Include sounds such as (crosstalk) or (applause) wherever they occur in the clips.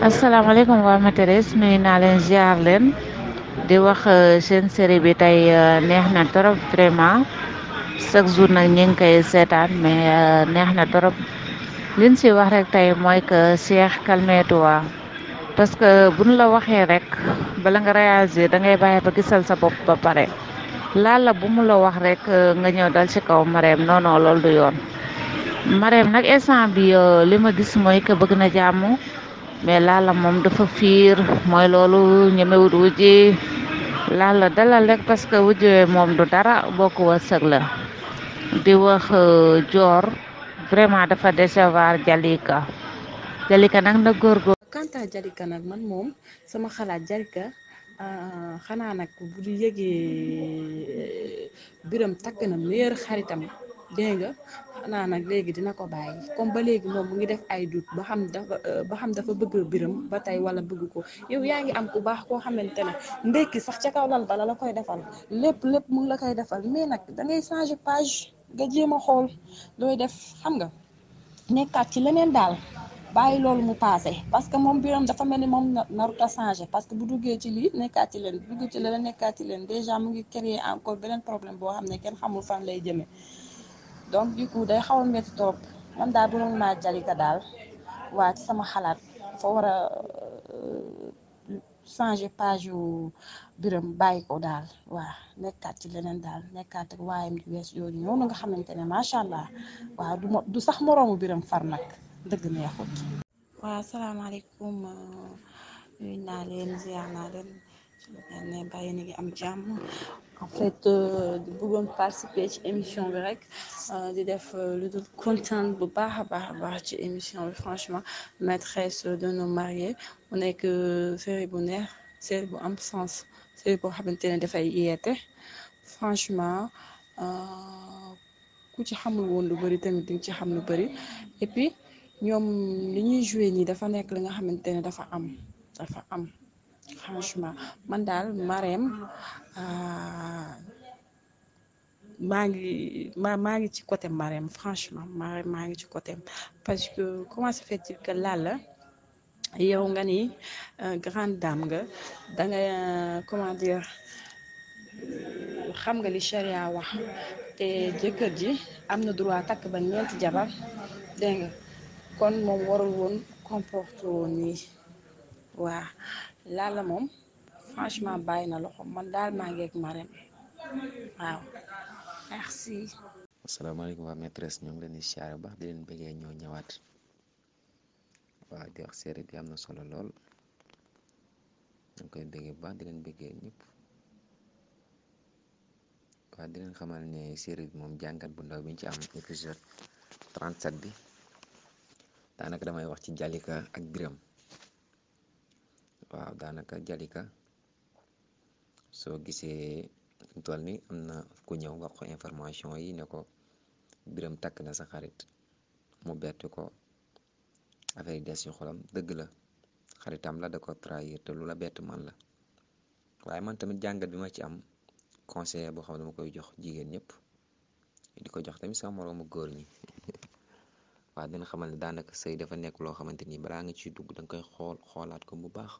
asalaamaaleykum wa amateres nuyu naa leen ziar leen di wax euh, seen série bi tey euh, neex na trop vraiment chaque jour nag ñu ngi koy seetaan mais euh, neex na trop liñ si wax rek tey mooy que Cheikh calme-toi parce que buñ la waxee rek bala nga réagir da ngay bàyyi ba gisal sa bopp ba pare laala bu mu la wax rek nga ñëw dal ci kaw Marème non lool loolu du yoon Marème nag instant bi li ma gis mooy que bëgg na jàmm. mais laala moom dafa fiir mooy loolu ñemewut wujji laala dalal rek parce que wujjiwee moom du dara bokk wërsëg la di wax joor euh, vraiment dafa décevoir Jalika Jalika nag na góorgóor quant Jalika nag man moom sama xalaat Jalika euh, xanaa nag bu du yëgee euh, biram takk na meilleur xaritam dégg xanaa nag léegi dina ko bàyyi comme ba léegi moom mu ngi def ay doute ba xam dafa euh, ba xam dafa bëgg biram ba tey wala bëgg ko yow yaa ngi am ku baax koo xamante ne ndekki sax ca kaw lal bala la koy defal lépp lépp mu la koy defal mais nag da ngay page nga jéem a xool looy def xam nga nekkaat ci leneen daal bàyyi loolu mu passé parce que moom biram dafa mel ni moom narut a changé parce que bu duggee ci lii nekkaat ci leen bu duggee ci leen nekkaat ci leen déjà mu ngi créer encore beneen problème boo xam ne kenn xamul fan lay jëmee. donc du coup day xaw a métti trop man daal bu doon maa jalika daal waa ci sama xalaat fa war euh, changer page yu biram bàyyi ko daal waa nekkaat ci leneen daal nekkaat ak waayam di wees yooyu ñëw nga xamante ne macha allah waaw du sax moroomu biram far nag dëgg neexut. waaw salaamaaleykum euh, nuyu naa leen ziar naa leen. yal na bàyyi ngi am jàmm en fait euh, di bëggoon participer ci émission bi rek euh, di def euh, lu dul kontaan bu baax a baax baax ci émission bi franchement maîtresse d'un homme marié mu nekk série bu neex série bu am sens série boo xamante ne dafay yeete franchement ku ci xamul woon lu bëri tamit di ci xam lu bëri et puis ñoom li ñuy joué nii dafa nekk li nga xamante ne dafa am dafa am franchement man daal Marème euh, maa ngi maa maa ngi ci côté Marème franchement Marème maa ngi ci côté parce que comment se fait-il que yow nga ni euh, grande dame nga da euh, comment dire xam nga li charia wax te jëkkër ji am na droit takk ba ñeenti jabar dégg kon moom warul comporte woon nii waa Lalla moom franchement bàyyi na loxo man daal maa ngeeg Marème waaw merci. asalaamaaleykum waa maîtresse ñoo ngi leen di siyaare bu baax di leen bëggee ñoo ñëwaat waa di wax série bi am na solo lool dañ koy bëggee bu baax di leen bëggee ñëpp waaw di leen xamal ne série bi moom jàngat bu ndaw bi ñu ci am épisode 37 bi daanaka damay wax ci Jalika ak Biram waaw daanaka jalika soo gisee toll ni am na ku ñëw wax ko information yi ne ko biram takk na sa xarit mu bett ko affaire yi des ci xolam dëgg la xaritam la da ko trahir te lu la bett man la waaye man tamit jàngat bi ma ci am conseiller boo xam ne dama koy jox jigéen ñëpp di ko jox tamit sama moroomu góor ñi (laughs) waa dana xamal ne daanaka sëy dafa nekk loo xamante ni balaa nga ciy dugg danga koy xool xoolaat ko bu baax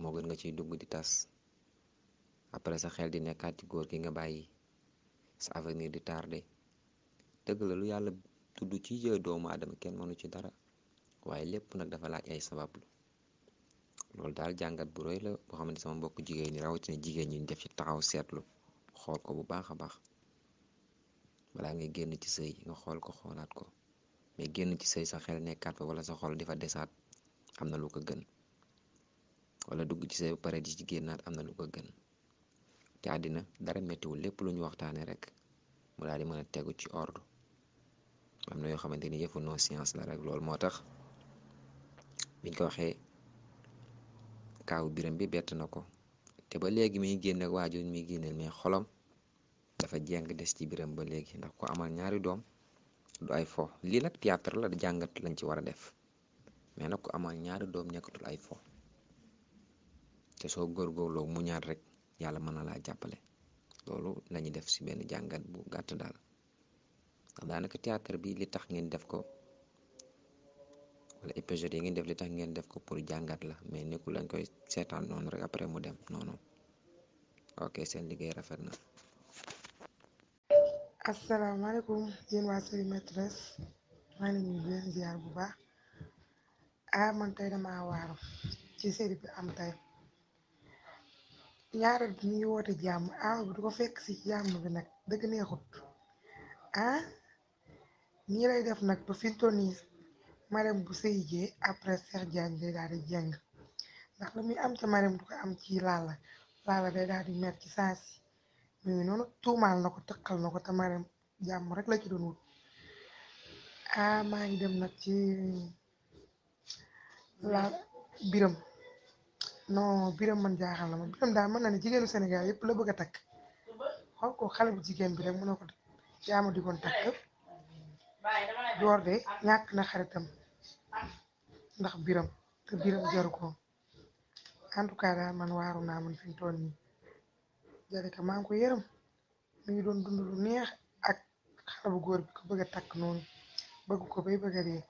moo gën nga ciy dugg di tas après sa xel di nekkaat ci góor ki nga bàyyi sa avenir di tardé dëgg la lu yàlla tudd ci jë doomu aadama kenn mënu ci dara waaye lépp nag dafa laaj ay sabablu loolu daal jàngat bu rëy la boo xamante ne sama mbokk jigéen ñi rawatina jigéen ñi def ci taxaw seetlu xool ko bu baax a baax balaa ngay génn ci sëy nga xool ko xoolaat ko mais génn ci sëy sa xel nekkaat fa wala sa xol di fa desaat am na lu ko gën wala dugg ci say pare di ci génnaat am na lu ko gën te àddina dara mettiwul lépp lu ñu waxtaanee rek mu daal di mën a tegu ci ordre am na yoo xamante ni yëfu noo science la rek loolu moo tax biñ ko waxee kaawu biram bi bett na ko te ba léegi muy génn ak waajur mi génneel mais xolam dafa jeng des ci biram ba léegi ndax ko amal ñaari doom du ay fo lii nag théâtre la jàngat lañ ci war a def mais nag ko amal ñaari doom ñekkatul ay foofu te soo góorgóorloo mu ñaar rek yàlla mën na laa jàppale loolu la def si benn jàngat bu gàtt daal ndax daanaka théâtre bi li tax ngeen def ko wala épisode ngeen def li tax ngeen def ko pour jàngat la mais nekkul lañ koy seetaan noonu rek après mu dem noonu ok seen liggéey rafet na. asalaamaaleykum yéen waa série maîtresse maa ngi leen di leen ziar bu ah, am tey. ñaareel bi mi ngi woote jàmm aaw bi du ko fekk si jàmm bi nag dëgg neexut ah nii lay def nag ba fintonis marem bu sëyijee après Cheikh Diagne day daal di jàng ndax la muy am ca marem du ko am ci laala laala day daal di mer ci saasi mu ngi noonu tuumaal na ko tëqal na ko te marem jàmm rek la ci doon wut ah maa ngi dem nag ci laala biram non biram man jaaxal na ma biram daal mën na ne jigéenu Sénégal yëpp la bëgg a takk xool ko xale bu jigéen bi rek mënoo ko yaa ma digoon takk door de ñàkk na xaritam ndax biram te biram jaru ko en tout cas daal man waaru naa man fi mu toll nii Jalika maa ngi ko yërëm mi ngi doon dund lu neex ak xale bu góor bi ko bëgg a takk noonu bëgg ko bay bëgg a dee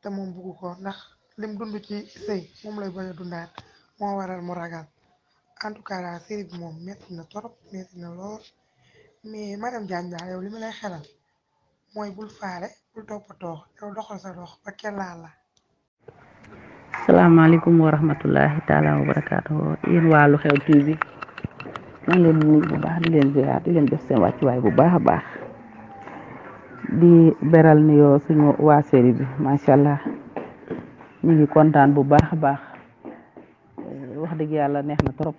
te moom bëggu ko ndax lim dund ci sëy moom lay bañ a dundaat moo waral mu ragal en tout cas daal moom métti na trop métti na lool mais madame Diagne daal yow li ma lay xelal mooy bul faale bul toppatoo yow doxal laal la. salaamaaleykum wa rahmatullahi taala wa barakaatu yéen waa Xew TV bi leen di bu baax di leen ziar di leen def seen wàccuwaay bu baax a baax di beral nuyoo suñu waa série bi macha allah. ñu ngi kontaan bu baax a baax eh, wax dëgg yàlla neex na trop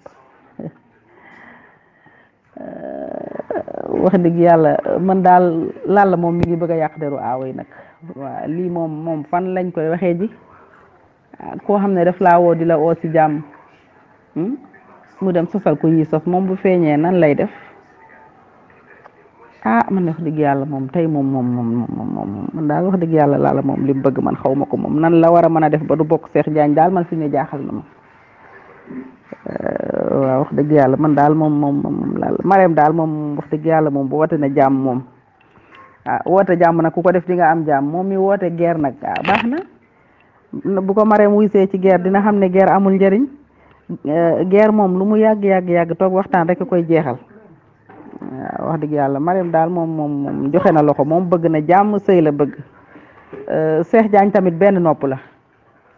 eh, wax dëgg yàlla man daal lalla moom mi ngi bëgg a yàq deru aawo yi nag waaw lii moom moom fan lañ koy waxee ji ah, koo xam ne daf laa woo di la oo ci jàmm hmm? mu dem sosal ko yi sos moom bu feeñee nan lay def ah man wax dëgg yàlla moom tey moom moom moom wax dëgg yàlla laala moom li mu bëgg man xaw ma ko moom nan la war a mën a def ba du bokk Cheikh Diagne daal man fi ne jaaxal na ma eh, wax dëgg yàlla man daal moom moom moom daal moom wax dëgg yàlla moom bu woote na jàmm moom ah woote jàmm ku ko def di nga am jàmm moom mi woote geer nag ah baax na bu ko Marème wuysee ci guerre dina xam ne geer amul njariñ eh, guerre moom lu mu yàgg yàgg yàgg toog waxtaan rek koy jeexal. wax dëgg yàlla Mariam daal moom moom joxe na loxo moom bëgg na jàmm sëy la bëgg euh, Cheikh Diagne tamit benn nopp la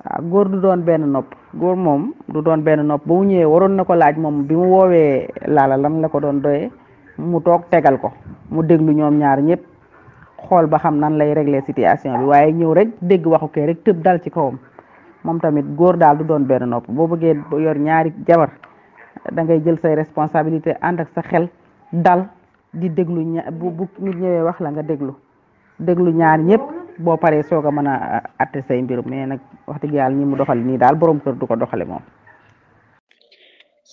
waaw góor du doon benn nopp góor moom du doon benn nopp ba ñëwee waroon na ko laaj moom bi mu woowee laala lam la ko doon doyee mu toog tegal ko mu déglu ñoom ñaar ñëpp xool ba xam nan lay régler situation bi waaye ñëw rek dégg waxu kee rek tëb dal ci kawam moom tamit góor daal du doon benn nopp boo bëggee yor ñaari jabar da ngay jël say responsabilité ànd ak sa xel dal di déglu ña bu bu nit wax la nga déglu déglu ñaar ñëpp boo paree soog a mën a atte say mbirum mais nag wax dëgg yàlla ñi mu doxale nii daal borom kër du ko doxale moom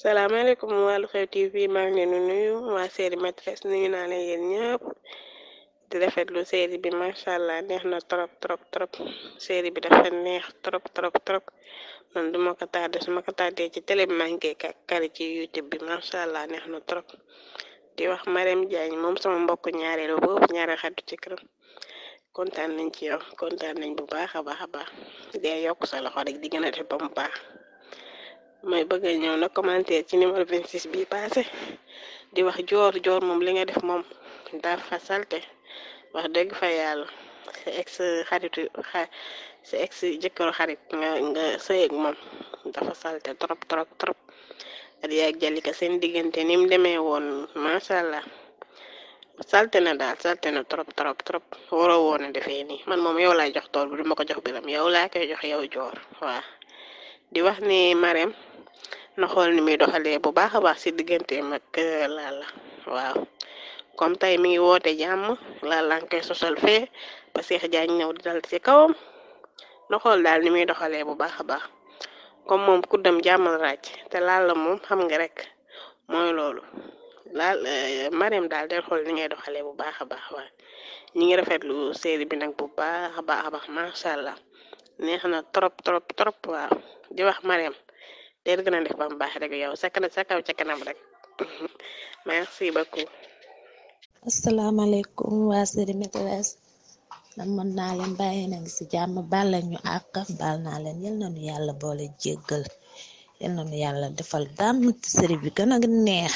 salaamaaleykum waa Lu Xew TV maa ngi leen nuyu waa série maîtresse nuyu naa leen yéen ñëpp di rafetlu série bi macha allah neex na trop trop trop série bi dafa neex trop trop trop ma ko tardé su ma ko tardé ci télé bi maa ci YouTube bi macha allah neex na trop di wax Marem Jaañ moom sama mbokk ñaareelu boobu ñaareel xaddu ci këram kontaan nañ ci yow kontaan nañ bu baax a baax a baax di yokk sa loxo rek di gën a def ba mu baax mooy bëgg a ñëw na commentaire ci vingt 26 bi passé di wax joor joor moom li nga def moom dafa salte wax dëgg fa yàlla sa xaritu sa ex jëkkëru xarit nga nga sëyeeg moom dafa salte trop trop trop Sadiya ak Jalika seen diggante nim demee woon macha allah salte na daal salte na trop trop trop waroo woon a defee nii man moom yow laay jox tool bi du ma ko jox biram yow laa koy jox yow joor waa di wax ni Marème na xool ni muy doxalee bu baax a baax si digganteem ak euh, Lalla waaw comme tey mi ngi woote jàmm Lalla nga koy sosal fee ba Cheikh Diagne ñëw di dal ci kawam na xool daal ni muy bu baax a baax. comme moom dem jàmmal ràcc te laal la moom xam nga rek mooy loolu laal eh, Mariam daal del xool ni ngay xale bu baax a baax waaye ñi ngi rafetlu série bi nag bu baax a baax a baax macha allah neex na trop trop trop waaw di wax Mariam déet gën a def ba baax rek yow sa kanam sa kaw ca kanam rek (laughs) merci beaucoup. asalaamaaleykum waa série Maîtresse man mën naa leen bàyyi na ngi si jàmm baal ñu àq baal naa leen yal na nu yàlla boole jéggal yal na nu yàlla defal dàmm ci série bi gën a neex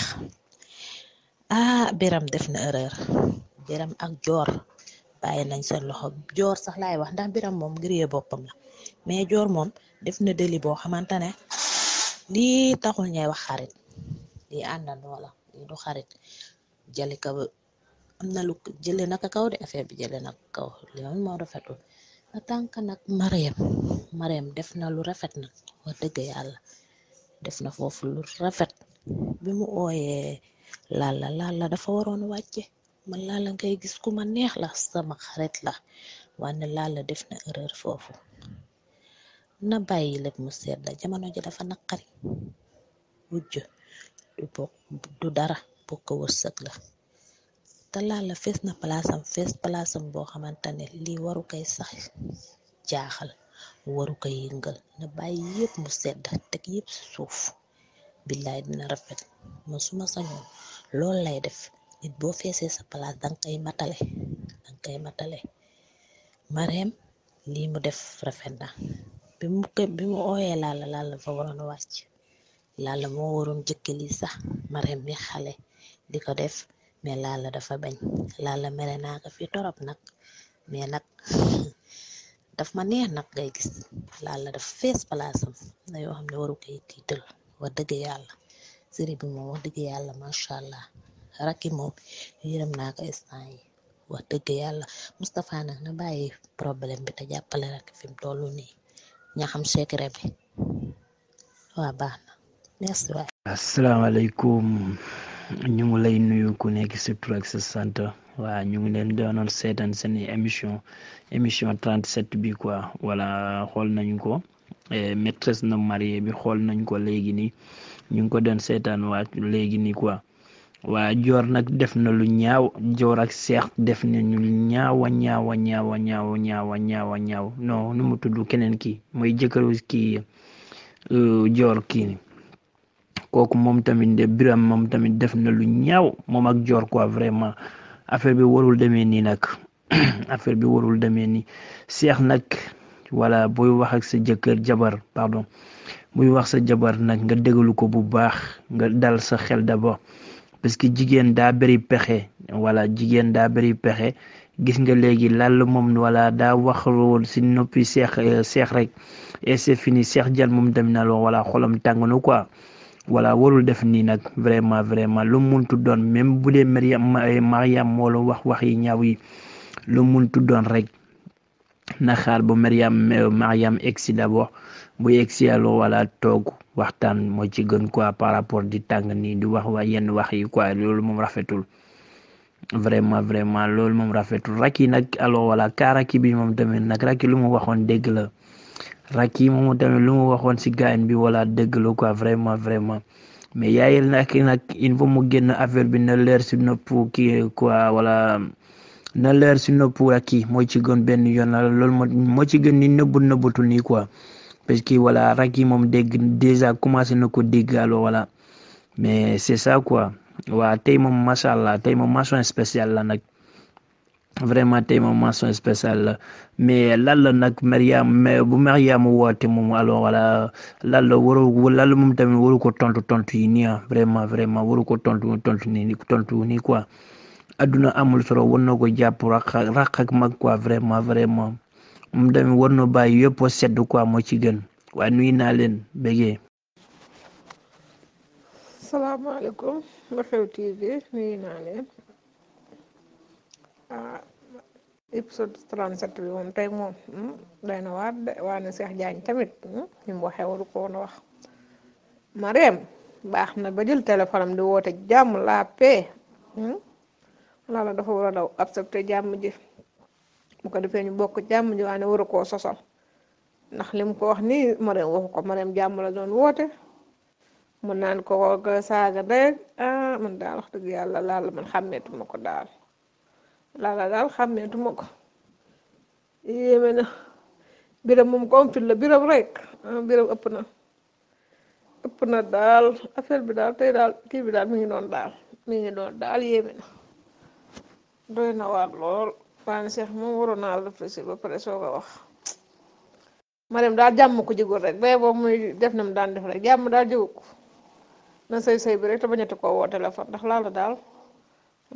ah biram def na erreur biram ak joor bàyyi nañ seen loxo joor sax laay wax ndax biram moom ngir yee boppam la mais joor moom def na deli boo xamante ne lii taxul ñay wax xarit lii àndandoo la lii du xarit jalika am na lu jële naka kaw de affaire bi jële naka kaw loolu moo rafetul na tànk nag Marème Marème def na lu rafet na wax dëgg yàlla def na foofu lu rafet bi mu ooyee Lalla Lalla dafa waroon wàcce man Lalla ngay gis ku ma neex la sama xarit la wanne Lalla def na erreur foofu na bàyyi lépp mu sedd la jamono ji dafa naqari wujj du bokk du dara bokk wërsëg la te Lalla fees na palaasam fees palaasam boo xamante ne lii waru koy sax jaaxal waru koy yëngal na bàyyi yépp mu sedda teg yépp ci suuf billaay dina rafet ma su ma sañoon loolu lay def nit boo feesee sa palaas danga koy matale danga mareem lii mu def rafet na bi mu bi mu ooyee Lalla Lalla fa waroon wàcc Lalla moo waroon jëkke lii sax mareem mi xale di ko def mais Lalla dafa bañ Lalla mere naa ko fii torop nag mais nag (laughs) daf ma neex nag ngay gis Lalla dafa fees palaasam na yoo xam ne waru koy tiital wax dëgg yàlla série bi moom wax dëgg yàlla macha allah raki moom yërëm naa ko instant wax dëgg yàlla Moustapha nag na bàyyi problème bi te jàppale rakk fi mu toll nii ña xam secret bi waa baax na merci waay asalaamaaleykum ñu ngi lay nuyu ku nekk sa tur ak sa sant waaw ñu ngi leen doonoon seetaan seen émission émission 37 bi quoi voilà xool nañ ko eh, maîtresse na marié bi xool nañ ko léegi nii ñu ngi ko doon seetaan waa léegi nii quoi waa joor nag def na lu ñaaw joor ak seex def nañu ñaawa ñaawa ñaawa ñaawa ñaawa ñaawa ñaaw non nu mu tudd keneen kii mooy jëkkëru kii euh, joor kii. kooku moom tamit de biram moom tamit def na lu ñaaw moom ak joor quoi vraiment affaire bi warul demee nii nag (clears throat) affaire bi warul demee nii seex nag walla booy wax ak sa jëkkër jabar pardon muy wax sa jabar nag nga déglu ko bu baax nga dal sa xel d'abord parce que jigéen daa bëri pexe wala jigéen daa bëri pexe gis nga léegi lal moom wala daa wax woon si noppi seex euh, seex rek et c'est fini seex jal moom dem na loo wala xolam tàng na quoi voilà warul def nii nag vraiment vraiment lu muntu doon même bu dee Mariam Mariam moo la wax wax yi ñaaw yi lu muntu doon rek na xaar ba Mariam Mariam egsi d'abord bu egsi alors wala toog waxtaan moo ci gën quoi par rapport di tàng nii di wax waa yenn wax yi quoi loolu moom rafetul vraiment vraiment loolu moom rafetul rakki nag alors wala kaa rakki bi moom tamit nag rakki lu mu waxoon dégg la. Racky moomu tamit lu mu waxoon si gaañ bi wala dëgg la quoi vraiment vraiment mais yaayil nag nag il faut mu génn affaire bi na leer si noppu kii quoi wala na leer si nopp Racky moo ci gën benn yoon lool moo moo ci gën ni nëbbu nëbbutu nii quoi parce que voilà Racky moom dégg déjà commencé na ko dégg alors voilà mais c'est ça quoi waa tey moom macha allah tey moom mention spéciale la nag. vraiment tey moom mention spéciale la mais Lalla nag Mariam bu Mariam woote moom alors voilà Lalla waru Lalla moom tamit waru ko tontu tontu yi nii ah, vraiment vraiment waru ko tontu tontu nii tontu nii quoi adduna amul solo war na ko jàpp raq raq ak mag quoi vraiment vraiment moom tamit war na bàyyi yëpp a sedd quoi moo ci gën waaye nuyu naa leen TV nuyu naa Ah, épisode 37 bi moom tey moom hmm, day na waar waa ne Cheikh Diagne tamit ñu hmm, mu waxee waru ko a wax Marème baax na ba jël téléphone am di woote jàmm la paix hmm. loola dafa war a daw accepté jàmm ji bu ko defee ñu bokk jàmm ji waa ne waru koo sosal ndax lim ko wax nii Marème waxu ko Marème jàmm la doon woote mun naan ko saaga ndey ah, man daal wax dëgg yàlla laal man xàmmeetuma ko daal. lala daal xàmmeetuma ko yéeme na biram moom comme fit la biram rek ah, biram ëpp na ëpp na daal affaire bi daal tey daal kii bi daal mi ngi doon daal mi ngi daal yéeme na doy na waar lool Waly seex moom waroon naa réfléchir ba pare soo ko wax Marème daal jàmm ko jigul rek ba boobu muy def na mu daan def rek jàmm daal jigu ko na sëy sëy bi rek te bañati koo woo téléphone ndax laala daal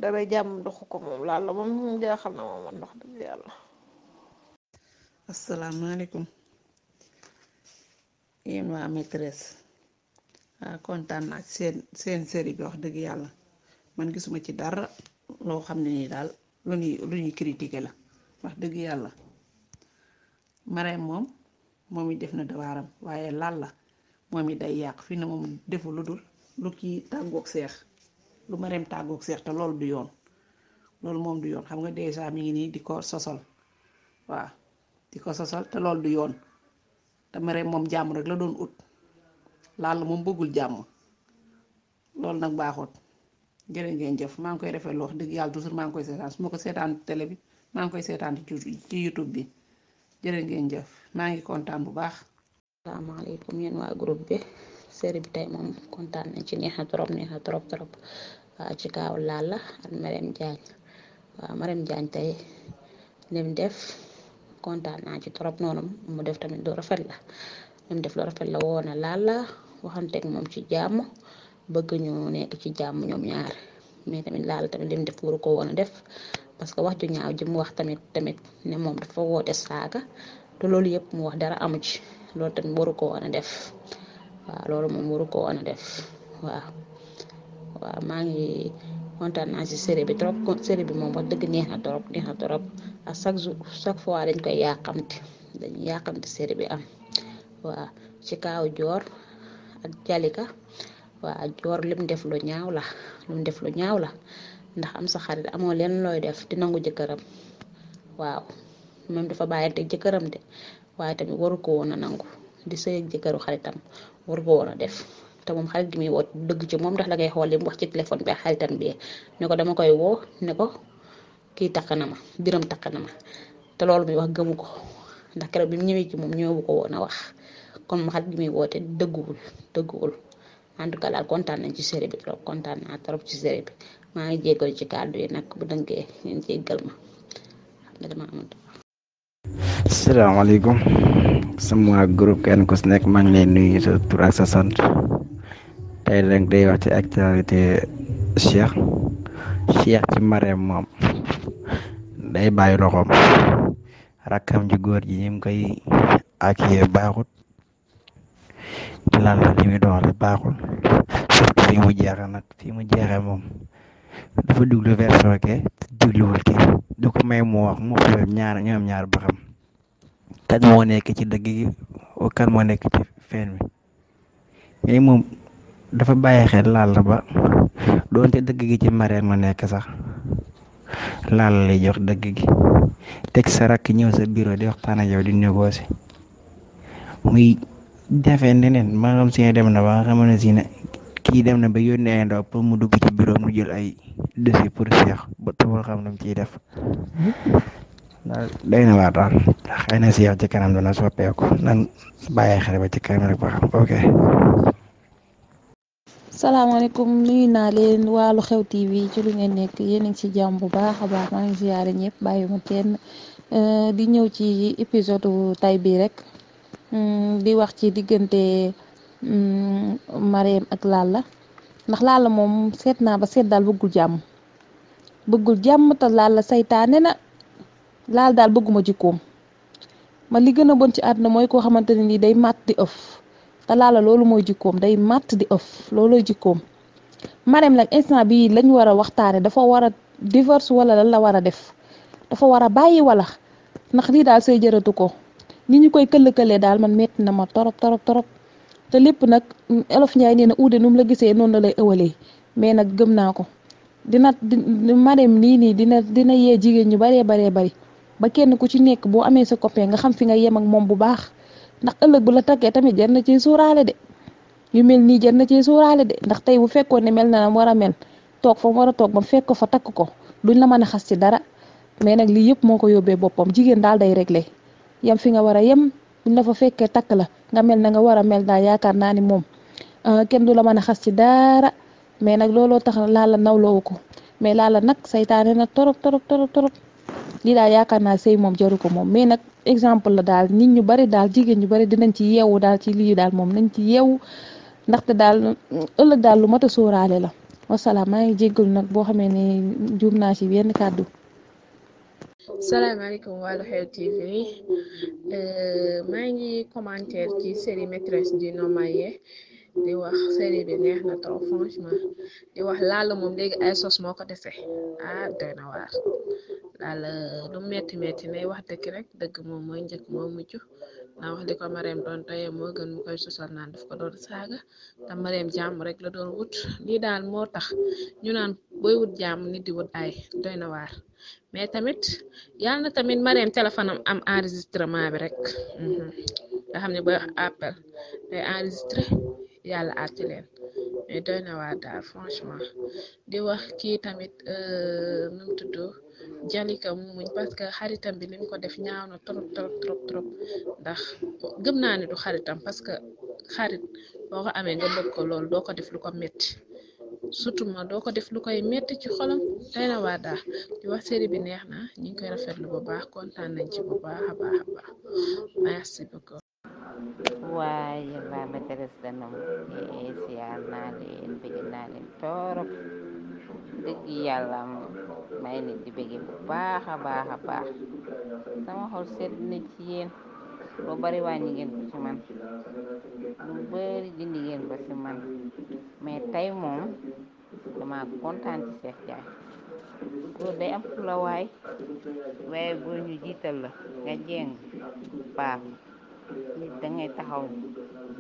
damay jàmm doxu ko moom laal la moom jaaxal na moom ndox dëgg yàlla. asalaamaaleykum yéen waa ah, kontaan naa seen seen série bi wax dëgg yàlla man gisuma ci dara loo xam ne nii daal lu la wax dëgg yàlla Marème moom moom it def na dawaaram waaye laal la moom it day yàq fi na moom defu lu dul lu kii tàggoog seex. lu ma rem tàggoog seex te loolu du yoon loolu moom du yoon xam nga dèjà mi ngi nii di ko sosol waaw di ko sosol te lool du yoon te ma rem moom jàmm rek la doon ut laal la moom bëggul jàmm loolu nag baaxut jërë ngeen jëf maa ngi koy rafetlu wax yàlla toujours maa ngi koy seetaan su ko seetaan télé maa ngi koy seetaan ci YouTube bi jërë ngeen maa ngi kontaan bu baax. asalaamaaleykum yéen waa groupe bi. série bi tey moom kontaan nañ ci neex na trop neex na trop trop waaw ci kaaw laal la ak Marème Diagne waaw Marème Diagne tey lim def kontaan naa ci trop noonu mu def tamit lu rafet la lim def lu rafet la woo na laal la waxanteeg moom ci jàmm bëgg ñu nekk ci jàmm ñoom ñaar mais tamit laal tamit lim def waru ko woon a def parce que wax ju ñaaw ji mu wax tamit tamit ne moom dafa woote saaka te loolu yëpp mu wax dara amu ci loolu tamit waru ko woon a def. waaw loolu moom waru ko woon a def waaw waaw maa ngi kontaan si série bi trop série bi moom wax dëgg neex na trop neex na trop ak chaque jour fois dañ koy yàqamti dañ yàqamti série bi am waaw kaaw joor ak jalika waaw joor lim def lu ñaaw la lim def lu ñaaw la ndax am sa xarit amoo leen looy def di nangu jëkkëram waaw moom dafa bàyyante jëkkëram de waaye tamit waru ko woon a nangu di sëy ak jëkkëru xaritam war ko woon a def te moom xarit gi muy woo dëgg ci moom ndax la ngay xool li mu wax ci téléphone bi ak xaritan bi ne dama koy wo ne ko kii takk na ma biram takk te loolu muy wax gëmu ko ndax keroog bi mu ñëwee ci moom ñëwu ko woon a wax kon moom xarit gi muy woote dëgguwul dëgguwul en tout cas kontaan nañ ci série bi trop kontaan naa trop ci série bi maa ngi jégal ci kàddu yi nag bu dënkee ngeen jéggal ma xam ne sama waa groupe kenn ku si nekk maa ngi lay nuyu sa tur ak sa sant tey nag day wax ci actualité Cheikh Cheikh ci Marème moom day bàyyi loxoom rakkam ji góor ji ñi ngi koy ak baaxut ci lan la li muy doxale baaxul surtout fii jeexe nag fii mu jeexe moom dafa duglu version ke te dugluwul kii du ko may mu wax mu xool ñaar ñoom ñaar ba xam kan moo nekk ci dëgg gi kan moo nekk ci fen wi mais moom dafa bàyyi xeet laal ba doonte dëgg gi ci mareen ma nekk sax laal lay jox dëgg gi teg sa rakk ñëw sa bureau di waxtaan ak yow di négocier muy defee neneen maa xam si ne dem na ba nga xam ne si ne kii dem na ba yónnee ay ndaw pour mu dugg ci bureau mu jël ay dossier pour seex ba tawul xam ne mu ciy def. day na waar daal xëy na si yow ci kanam dana soppeeku nan bàyyi xel ba ci kanam ba xam ok. salaamaaleykum nuyu naa leen waa Lu ci lu ngeen nekk yéen a ngi ci jàmm bu baax a baax maa ngi ziare ñëpp bàyyi ma kenn euh, di ñëw ci épisode tay bi rek hmm, di wax ci diggante hmm, Marème ak Lalla ndax Lalla moom seet naa ba seet daal bëggul jàmm bëggul jàmm te Lalla saytaane na. laal daal bëgguma jikkoom man li gën a bon ci àdduna mooy koo xamante ne nii day màtt di ëf te laala loolu mooy jikkoom day màtt di ëf loolooy jikkoom Marème nag instant bi lañ war a waxtaane dafa war a divorce wala lan la war a def dafa war a bàyyi wala ndax lii daal say jëratu ko ni ñu koy këllëkalee daal man metti na ma torop torop torop te lépp nag Olof Njaay nee na uude nu la gisee noonu la lay ëwalee mais nag gëm naa ko dina Marème nii nii dina dina yee jigéen ñu baree baree bari ba kenn ku ci nekk boo amee sa copain nga xam fi nga yem ak moom bu baax ndax ëllëg bu la takkee tamit jar na ciy suuraale de yu mel nii jar na ciy suuraale de ndax tey bu fekkoon ne mel na nam war a mel toog fa mu war a toog ba fekk ko fa takk ko duñ la mën a xas ci dara mais nag lii yëpp moo ko yóbbee boppam jigéen daal day réglé yem fi nga war a yem buñ la fa fekkee takk la nga mel na nga war a mel daal yaakaar naa ni moom euh, kenn du la mën a xas ci dara mais nag looloo tax laala nawloowu ko na torop torop torop lii daal yaakaar naa sëy moom jaru ko moom mais nag exemple la daal nit ñu bari daal jigéen ñu bari dinañ ci yeewu daal ci lii daal moom nañ ci yeewu ndaxte daal ëllëg daal lu mat a la wasalaam maa ngi jéggalu nag boo xamee ne juum naa ci benn kàddu. salaamaaleykum waa Xew TV euh, maa ngi commentaire ci série maîtresse d'un homme marié di wax série bi neex na trop franchement di wax laal moom léegi ay sos moo ko defee ah doy na daal lu metti metti nay wax dëgg rek dëgg moom mooy njëkk moo mujj na wax li ko mareem doon doye moo gën mu koy sosal naan daf ko doon saaga te mareem jàmm rek la doon wut lii daal moo tax ñu naan booy wut jàmm nit di wut ay doy na waar mais tamit yal tamit mareem téléphone am am enregistrement bi rek mhm. nga xam ne booy appel day enregistré yàlla àtti leen mais doy na waar daal franchement di wax tamit euh, nu mu Jalika mu muñ parce que xaritam bi lim ko def ñaaw na trop trop trop ndax gëm naa ne du xaritam parce que xarit boo ko amee nga bëgg ko lool doo ko def lu ko metti surtout ma doo ko def lu koy metti ci xolam day na waa daa di wax série bi neex na ñu koy rafetlu bu baax kontaan nañ ci bu baax a baax a baax merci beaucoup. waaye Baba Thérèse Danome siyaar naa leen bëgg naa leen torop dëgg yàlla may leen di bëgge baax a baax a baax sama xol sedd na ci yéen lu bari wàññi ngeen ko ci man lu bari dindi ngeen ko ci man mais tey moom dama kontaan ci Cheikh Ndiaye góor day am fulawaay waaye góor ñu jiital la nga jeng baax nit da taxaw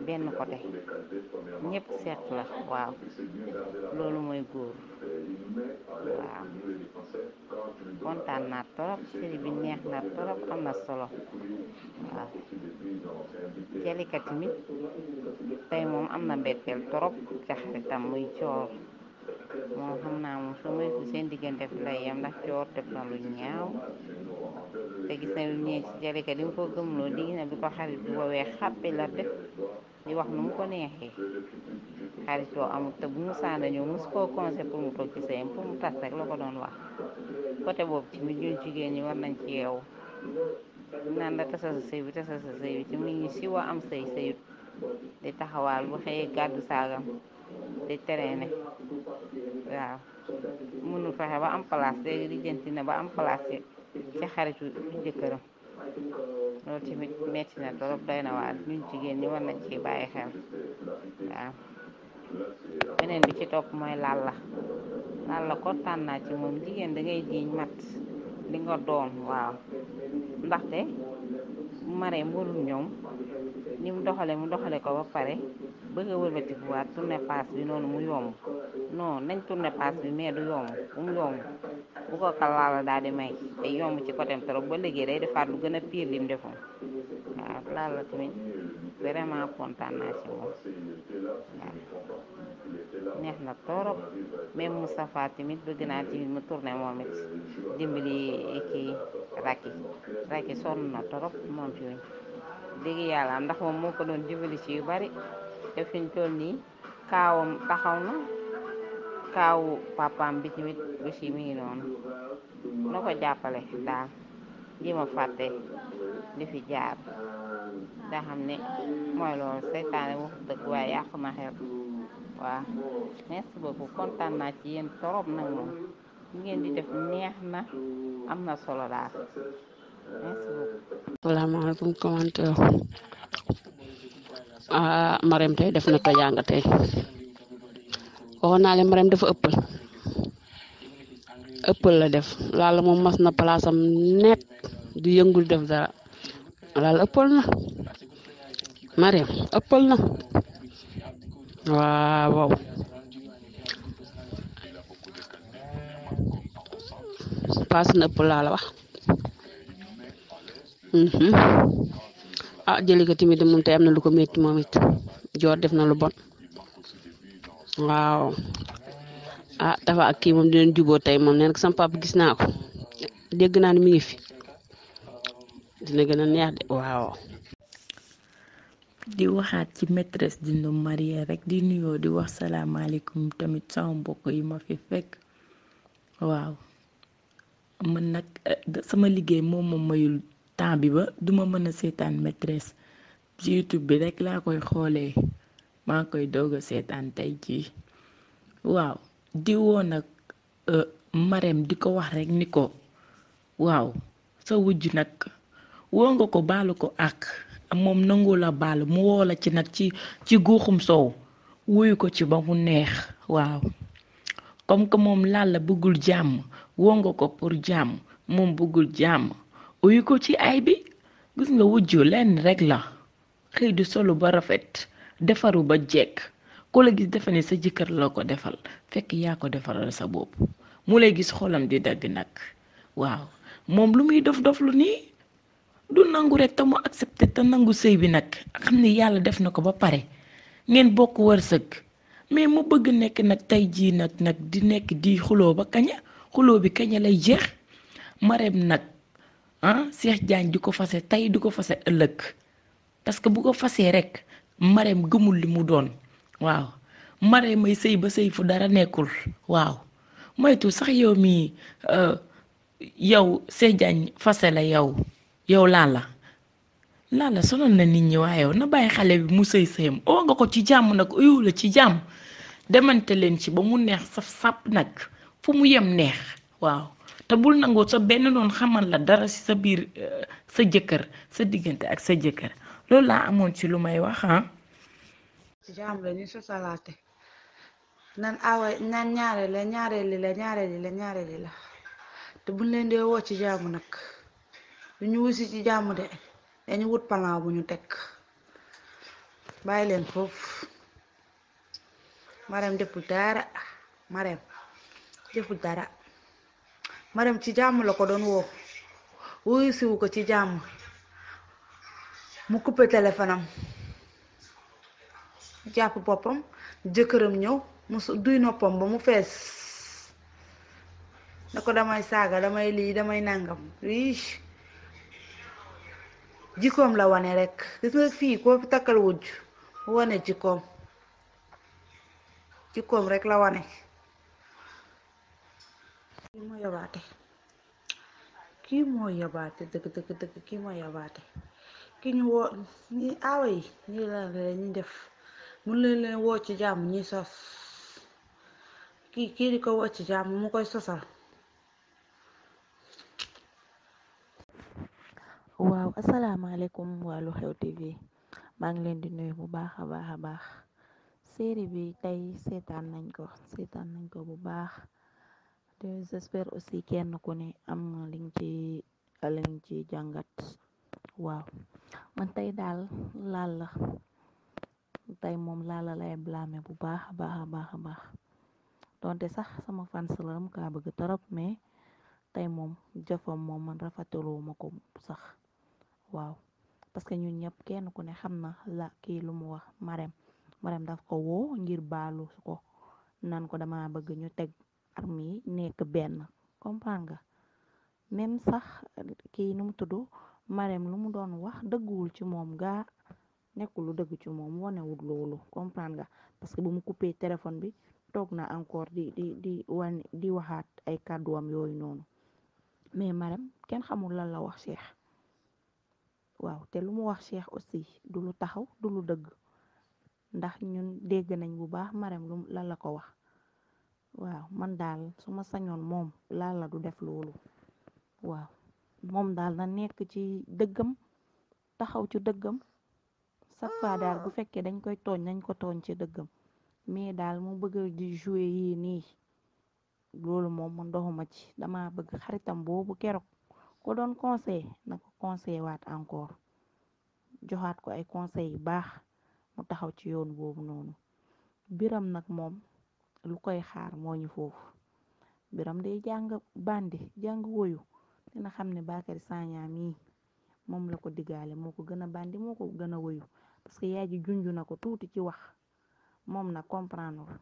benn côté ñëpp seet la waaw loolu mooy góor waaw kontaan naa trop bi neex na trop am na solo waaw Jalika tamit tey moom am na mbetteel trop ca xaritam muy coor moom xam naa moom soo moytu seen diggante fi lay yam ndax coor def na lu ñaaw te gis na lu ñëwee ci Jalika li mu ko gëmloo di gis na bi ko xarit bu la def wax nu mu ko neexee xarit boo te bu mu saana ñëw mosu koo conseil pour mu toog sëyam pour mu tas rek la ko doon wax côté boobu ci mi ñun jigéen ñi war nañ ci yeewu naan la tasa sa sëy bi tasa sa sëy bi ci mi ngi si wa am sëy sëyut di taxawaal bu xëyee gàddu saagam day traîner waaw mënul fexe ba am place léegi lijjanti na ba am place ci xaritu jëkkëram loolu tamit metti na torop ñun jigéen ñi war nañ ci bàyyi xel waaw beneen bi ci topp mooy lalla lalla kontaan naa ci moom jigéen dangay ngay jiiñ mat li nga doon waaw ndaxte mare mbarum ñoom ni mu doxale mu doxale ko ba pare bëgg a wëlbati bu waat tourné paas bi noonu mu yomb non nañ tourné paas bi mais du yomb bu mu yomb bu ko la daal di may day yomb ci côté trop ba léegi day defaat lu gën a pire lim defoon waaw la tamit kontaan naa na torop mu tourné moom it dimbali kii Racky Racky sonn na torop moom fi dégg yàlla ndax moom moo ko doon dimbali ci bari te fi ñu toll nii kaawam taxaw na kaawu papaam bi ci aussi noonu na ko jàppale daal jéem a fàtte li fi jaar da xam ne mooy loolu seytaane wax dëgg waaye yàq na xel waaw merci beaucoup kontaan naa ci yéen torop nag moom ngeen di def neex na am na solo daal merci beaucoup. salaamaaleykum commentaire ah Marème tey def na tojaanga tey waxoon naa leen Marème dafa ëppal ëppal la def laala moom mas na palaasam net du yëngul def dara laala ëppal na Marème ëppal na waaw paas na ëpp laala wax. Mhm. ah jëli ko tamit moom tey am na lu ko métti moom it joor def na lu bon waaw ah dafa ak kii moom dinañ juboo tey moom nee na gis naa ko dégg naa ne mi ngi fi dina gën a neex de waaw. di waxaat ci maîtresse d'une femme mariée rek di nuyoo di wax salaamaaleykum tamit mbokk yi ma fi nag eh, sama liggéey moom ma mayul. temps bi ba duma mën a seetaan maîtresse ci YouTube bi rek laa koy xoolee maa ngi koy doog a seetaan tey ji waaw di woo nag euh, Marème di ko wax rekk ni ko waaw sa wujj nag woo nga ko baalu ko ak moom nangu la baal mu woo la ci nag ci ci guuxum soow wuyu ko ci ba mu neex waaw comme que moom laal la bëggul jàmm woo nga ko pour jàmm moom bëggul jàmm uyu ko ci ay bi gis nga wujju lenn rek la xëy di solu ba rafet defaru ba jekk ku la gis defe ne sa jëkkër la ko defal fekk yaa ko defaral sa bopp mu lay gis xolam di dagg nag waaw moom lu muy dof dof lu nii du nangu rekk te mu accepté te nangu sëy bi nag xam ne yàlla def na ko ba pare ngeen bokk wërsëg mais mu bëgg nekk nag tey jii nag nag di nekk di xuloo ba kaña xuloo bi kaña lay jeex mareem nag ah Cheikh Diagne di ko fase tey du ko fase ëllëg parce que bu ko fasee rek Marème gëmul li mu doon waaw Marème may sëy ba sëy fu dara nekkul waaw moytu sax yow mii euh, yow Cheikh Diagne fase la yow yow Lalla Lalla sonal na nit ñi waaye na bàyyi xale bi mu sëy sëyam oo nga ko ci jàmm nag uyoo la ci jàmm demante leen ci ba mu neex saf sàpp nag fu mu yem neex waaw te bul nangoo sa benn doon xamal la dara ci sa biir euh, sa jëkkër sa diggante ak sa jëkkër loolu laa amoon ci lu may wax ah. jaam la ñu sosalaate nan awa nan ñaareel la ñaareeli la ñaareeli te buñ leen dee woo ci jaamu nag lu ñu wusi ci jaamu de dañu wut plan bu ñu teg bàyyi leen foofu marem deful dara marem deful dara. maram ci jàmm la ko doon woo wuyu siwu ko ci jàmm mu coupé téléphone jàpp boppam jëkkëram ñëw mu duy noppam ba mu fees na ko damay saaga damay lii damay nàngam ii jikkoom la wane rek gis nga fii koo takkal wujj wane jikkoom jikkoom rek la wane kii moo yabaate kii moo yabaate dëgg dëgg dëgg kii moo yabaate ki ñu woo ñi ñii la ñu def mun leen leen woo ci jàmm ñi sos ki kii di ko woo ci jàmm mu koy sosal waaw asalaamaaleykum waa Lu Xew TV maa ngi leen di nuyu bu baax a baax a baax série bi tey seetaan nañ ko seetaan nañ ko bu baax te j'espère aussi kenn ku ne am na liñ ci liñ ci jàngat waaw man tey daal laal la tey moom laal la lay blâmer bu baax a baax a baax a baax donte sax sama fans la dama bëgg torop mais tey moom jëfam moom man rafetaloo ma ko sax waaw parce que ñu ñëpp kenn ku ne xam na la kii lu mu wax Marème Marème daf ko woo ngir baalu ko nan ko dama bëgg ñu teg armes yi nekk benn comprendre nga même sax ki nu mu tudd Marème lu mu doon wax dëgguwul ci moom gaa nekkul lu dëgg ci moom wanewul loolu nga parce que bu mu coupé téléphone bi toog na encore di di wan di waxaat ay kàdduwam yooyu noonu mais Marème kenn xamul lan la wax Cheikh waaw te lu mu wax Cheikh aussi du lu taxaw du lu dëgg ndax ñun dégg nañ bu baax Marème lu lan la ko wax waaw man daal su ma sañoon moom laal la du def loolu waaw moom daal na nekk ci dëggam taxaw ci dëggam chaque fois daal bu fekkee dañ koy tooñ nañ ko tooñ ci dëggam mais daal mu bëgg di jouer yii nii loolu moom man doxuma ci dama bëgg xaritam boobu keroog ko doon conseil na ko conseil waat encore joxaat ko ay conseil yu baax mu taxaw ci yoon boobu noonu biram nag moom lu koy xaar moo ñu foofu biram day jàng bandi jàng woyu dina xam ne Bakary Sagna mii moom la ko diggaale moo ko gën a bandi moo ko gën a woyu parce que yaay ji junj na ko tuuti ci wax moom na comprendre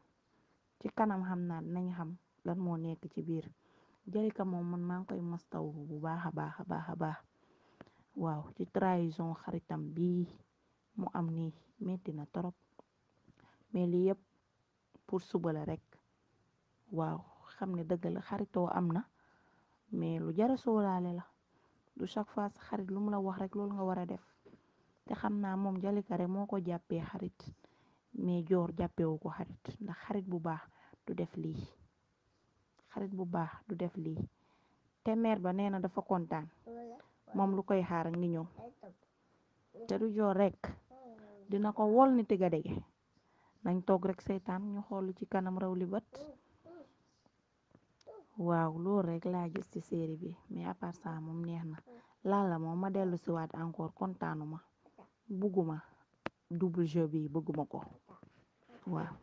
ci kanam xam naa nañ xam lan moo nekk ci biir Jalika moom man maa ngi koy mastaw bu baax a baax a baax a baax waaw ci trahison xaritam bii mu am nii metti na torop mais lii yëpp pour suba rek waaw xam ne dëgg la xaritoo am na mais lu jara soolaale la du chaque fois xarit lu mu la wax rek loolu nga war a def te xam naa moom jalikare moo ko jàppee xarit mais joor jàppewu ko xarit ndax xarit bu baax du def li xarit bu baax du def lii te meer ba nee na dafa kontaan moom lu koy xaar ngi ñëw te du joor rek dina ko wol ni tigadege nañ toog rek seytaan ñu xool ci kanam raw li bët waaw loolu rekk laa gis ci série bi mais à part moom neex na laala moom ma dellu si encore kontaanuma bugguma double jeu bi bëgguma ko waaw